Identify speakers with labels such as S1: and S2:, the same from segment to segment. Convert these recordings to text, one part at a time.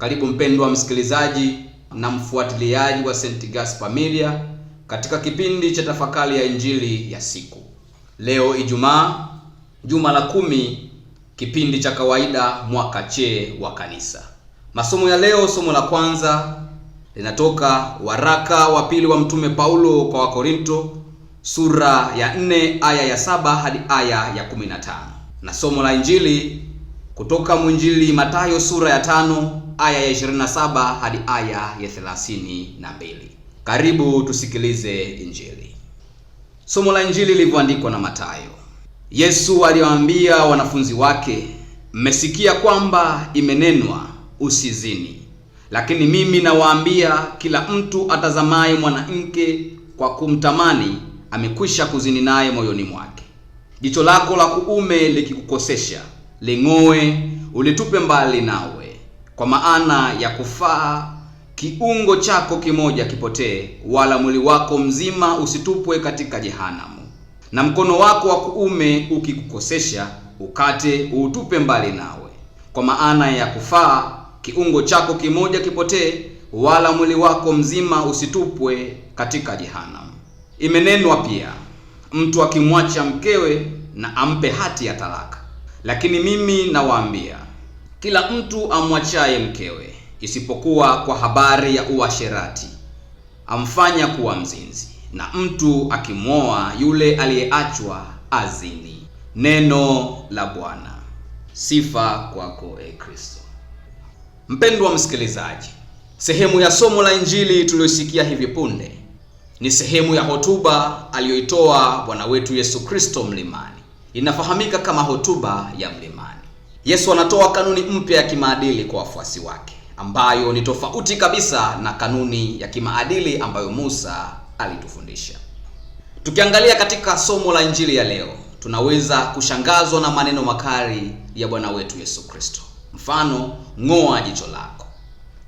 S1: Karibu mpendwa msikilizaji na mfuatiliaji wa St. Gaspar Media katika kipindi cha tafakari ya injili ya siku. Leo Ijumaa, juma la kumi, kipindi cha kawaida mwaka C wa kanisa. Masomo ya leo, somo la kwanza linatoka waraka wa pili wa Mtume Paulo kwa Wakorinto sura ya 4 aya ya 7 hadi aya ya 15, na somo la injili kutoka mwinjili Mathayo sura ya tano aya ya 27 hadi aya ya 32. Karibu tusikilize Injili. Somo la Injili lilivyoandikwa na Mathayo. Yesu aliwaambia wanafunzi wake, mmesikia kwamba imenenwa usizini, lakini mimi nawaambia, kila mtu atazamaye mwanamke kwa kumtamani amekwisha kuzini naye moyoni mwake. Jicho lako la kuume likikukosesha, ling'oe, ulitupe mbali nawe kwa maana ya kufaa kiungo chako kimoja kipotee, wala mwili wako mzima usitupwe katika jehanamu. Na mkono wako wa kuume ukikukosesha ukate, uutupe mbali nawe, kwa maana ya kufaa kiungo chako kimoja kipotee, wala mwili wako mzima usitupwe katika jehanamu. Imenenwa pia, mtu akimwacha mkewe na ampe hati ya talaka. Lakini mimi nawaambia kila mtu amwachaye mkewe, isipokuwa kwa habari ya uasherati, amfanya kuwa mzinzi, na mtu akimwoa yule aliyeachwa azini. Neno la Bwana. Sifa kwako e Kristo. Mpendwa msikilizaji, sehemu ya somo la injili tuliyosikia hivi punde ni sehemu ya hotuba aliyoitoa Bwana wetu Yesu Kristo mlimani. Inafahamika kama hotuba ya mlimani. Yesu anatoa kanuni mpya ya kimaadili kwa wafuasi wake ambayo ni tofauti kabisa na kanuni ya kimaadili ambayo Musa alitufundisha. Tukiangalia katika somo la Injili ya leo, tunaweza kushangazwa na maneno makali ya Bwana wetu Yesu Kristo, mfano ng'oa jicho lako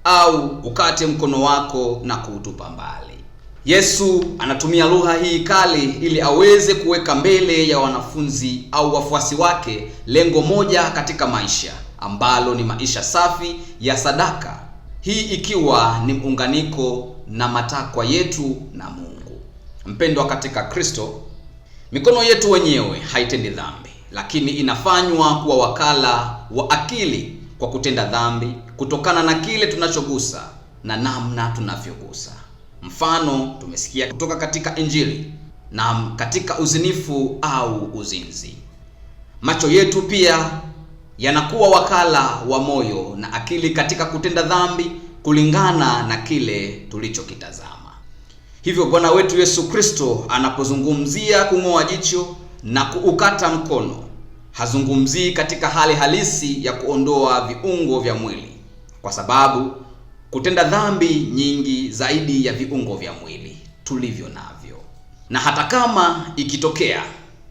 S1: au ukate mkono wako na kuutupa mbali. Yesu anatumia lugha hii kali ili aweze kuweka mbele ya wanafunzi au wafuasi wake lengo moja katika maisha ambalo ni maisha safi ya sadaka, hii ikiwa ni muunganiko na matakwa yetu na Mungu. Mpendwa katika Kristo, mikono yetu wenyewe haitendi dhambi, lakini inafanywa kuwa wakala wa akili kwa kutenda dhambi kutokana na kile tunachogusa na namna tunavyogusa. Mfano tumesikia kutoka katika Injili na katika uzinifu au uzinzi. Macho yetu pia yanakuwa wakala wa moyo na akili katika kutenda dhambi kulingana na kile tulichokitazama. Hivyo Bwana wetu Yesu Kristo anapozungumzia kung'oa jicho na kuukata mkono, hazungumzii katika hali halisi ya kuondoa viungo vya mwili, kwa sababu kutenda dhambi nyingi zaidi ya viungo vya mwili tulivyo navyo, na hata kama ikitokea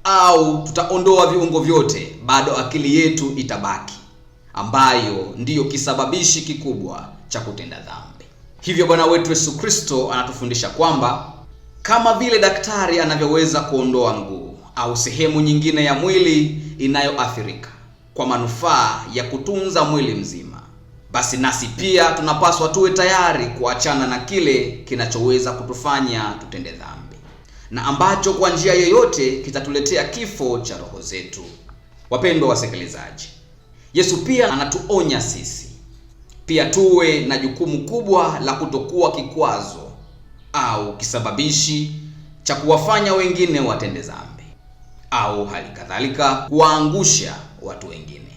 S1: au tutaondoa viungo vyote, bado akili yetu itabaki, ambayo ndiyo kisababishi kikubwa cha kutenda dhambi. Hivyo Bwana wetu Yesu Kristo anatufundisha kwamba kama vile daktari anavyoweza kuondoa nguo au sehemu nyingine ya mwili inayoathirika kwa manufaa ya kutunza mwili mzima basi nasi pia tunapaswa tuwe tayari kuachana na kile kinachoweza kutufanya tutende dhambi na ambacho kwa njia yoyote kitatuletea kifo cha roho zetu. Wapendwa wasikilizaji, Yesu pia anatuonya sisi pia tuwe na jukumu kubwa la kutokuwa kikwazo au kisababishi cha kuwafanya wengine watende dhambi au hali kadhalika kuwaangusha watu wengine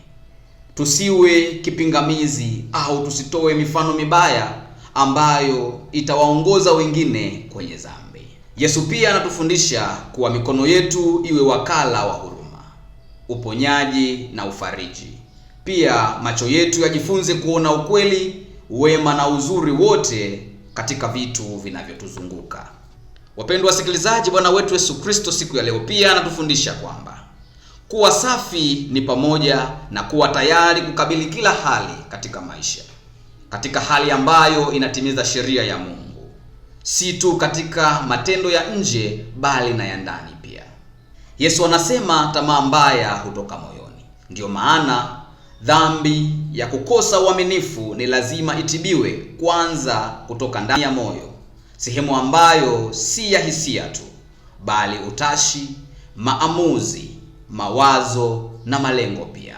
S1: tusiwe kipingamizi au tusitoe mifano mibaya ambayo itawaongoza wengine kwenye dhambi. Yesu pia anatufundisha kuwa mikono yetu iwe wakala wa huruma, uponyaji na ufariji. Pia macho yetu yajifunze kuona ukweli, wema na uzuri wote katika vitu vinavyotuzunguka. Wapendwa wasikilizaji, Bwana wetu Yesu Kristo siku ya leo pia anatufundisha kwamba kuwa safi ni pamoja na kuwa tayari kukabili kila hali katika maisha, katika hali ambayo inatimiza sheria ya Mungu, si tu katika matendo ya nje, bali na ya ndani pia. Yesu anasema tamaa mbaya hutoka moyoni. Ndiyo maana dhambi ya kukosa uaminifu ni lazima itibiwe kwanza kutoka ndani ya moyo, sehemu ambayo si ya hisia tu, bali utashi, maamuzi mawazo na malengo pia.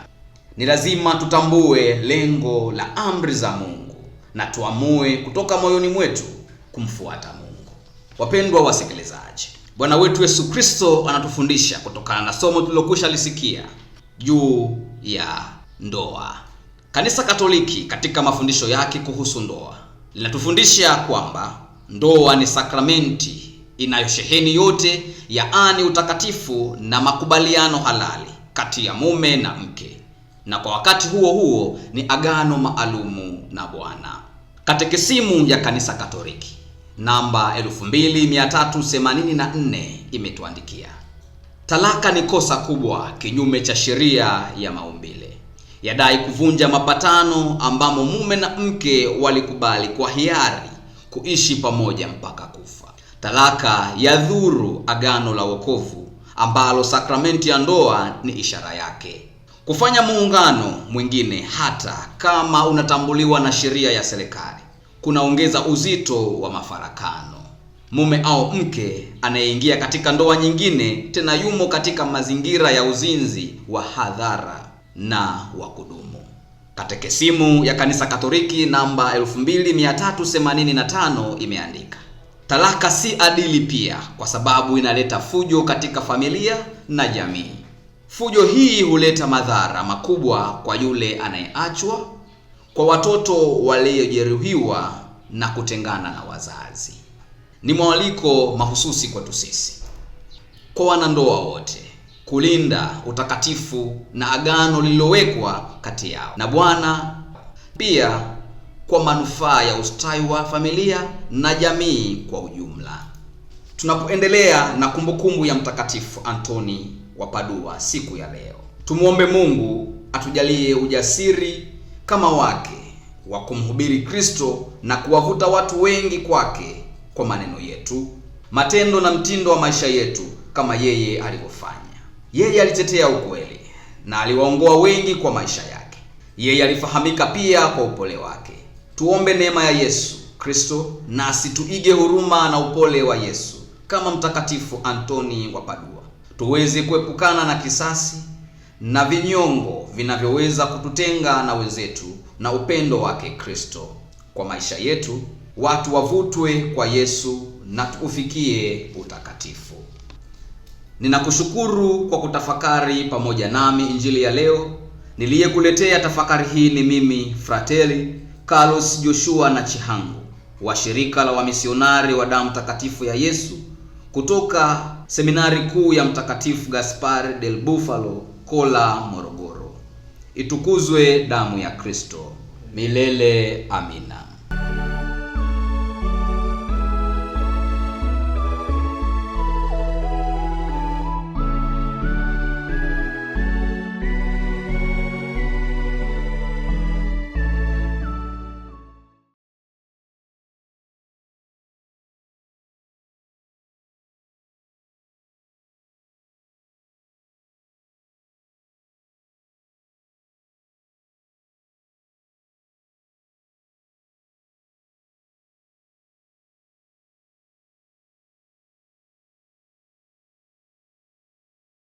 S1: Ni lazima tutambue lengo la amri za Mungu na tuamue kutoka moyoni mwetu kumfuata Mungu. Wapendwa wasikilizaji, Bwana wetu Yesu Kristo anatufundisha kutokana na somo tulilokwisha lisikia juu ya ndoa. Kanisa Katoliki katika mafundisho yake kuhusu ndoa linatufundisha kwamba ndoa ni sakramenti inayosheheni yote yaani utakatifu na makubaliano halali kati ya mume na mke, na kwa wakati huo huo ni agano maalumu na Bwana. Katekisimu ya Kanisa Katoliki namba 2384 imetuandikia, talaka ni kosa kubwa kinyume cha sheria ya maumbile, yadai kuvunja mapatano ambamo mume na mke walikubali kwa hiari kuishi pamoja mpaka kufa. Talaka ya dhuru agano la wokovu ambalo sakramenti ya ndoa ni ishara yake. Kufanya muungano mwingine hata kama unatambuliwa na sheria ya serikali kunaongeza uzito wa mafarakano. Mume au mke anayeingia katika ndoa nyingine tena yumo katika mazingira ya uzinzi wa hadhara na wa kudumu. Katekesimu ya Kanisa Katoliki namba 2385 imeandika Talaka si adili pia, kwa sababu inaleta fujo katika familia na jamii. Fujo hii huleta madhara makubwa kwa yule anayeachwa, kwa watoto waliojeruhiwa na kutengana na wazazi. Ni mwaliko mahususi kwetu sisi, kwa wanandoa wote kulinda utakatifu na agano lililowekwa kati yao na Bwana pia kwa manufaa ya ustawi wa familia na jamii kwa ujumla. Tunapoendelea na kumbukumbu ya Mtakatifu Antoni wa Padua siku ya leo, tumwombe Mungu atujalie ujasiri kama wake wa kumhubiri Kristo na kuwavuta watu wengi kwake kwa maneno yetu, matendo na mtindo wa maisha yetu kama yeye alivyofanya. Yeye alitetea ukweli na aliwaongoa wengi kwa maisha yake. Yeye alifahamika pia kwa upole wake. Tuombe neema ya Yesu Kristo nasi tuige huruma na upole wa Yesu kama Mtakatifu Antoni wa Padua, tuweze kuepukana na kisasi na vinyongo vinavyoweza kututenga na wenzetu na upendo wake Kristo. Kwa maisha yetu watu wavutwe kwa Yesu na tuufikie utakatifu. Ninakushukuru kwa kutafakari pamoja nami injili ya leo. Niliyekuletea tafakari hii ni mimi Frateli Carlos Joshua Nachihango wa shirika la wamisionari wa, wa damu takatifu ya Yesu kutoka seminari kuu ya Mtakatifu Gaspar del Bufalo Kola, Morogoro. Itukuzwe damu ya Kristo! Milele amina.